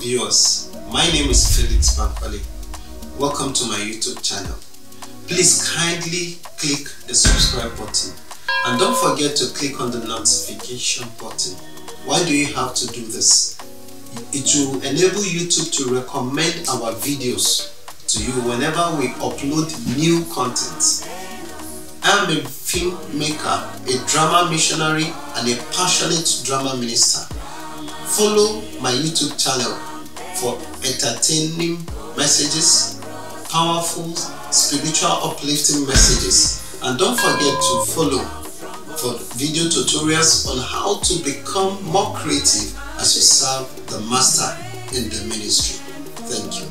viewers, my name is Felix Bampali. Welcome to my YouTube channel. Please kindly click the subscribe button and don't forget to click on the notification button. Why do you have to do this? It will enable YouTube to recommend our videos to you whenever we upload new content. I am a filmmaker, a drama missionary and a passionate drama minister follow my YouTube channel for entertaining messages, powerful spiritual uplifting messages. And don't forget to follow for video tutorials on how to become more creative as you serve the Master in the ministry. Thank you.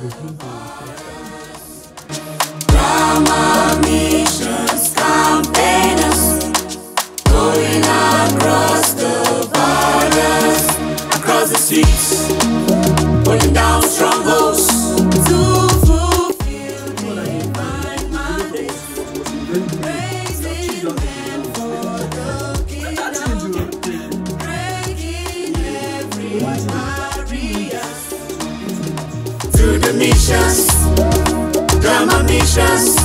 母亲节快乐！Gracias.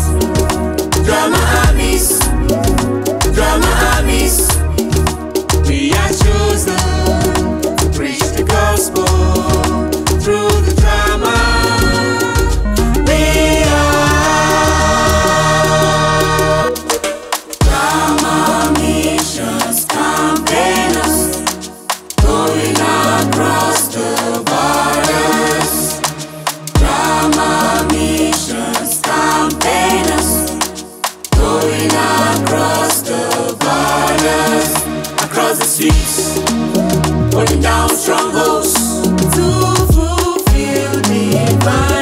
my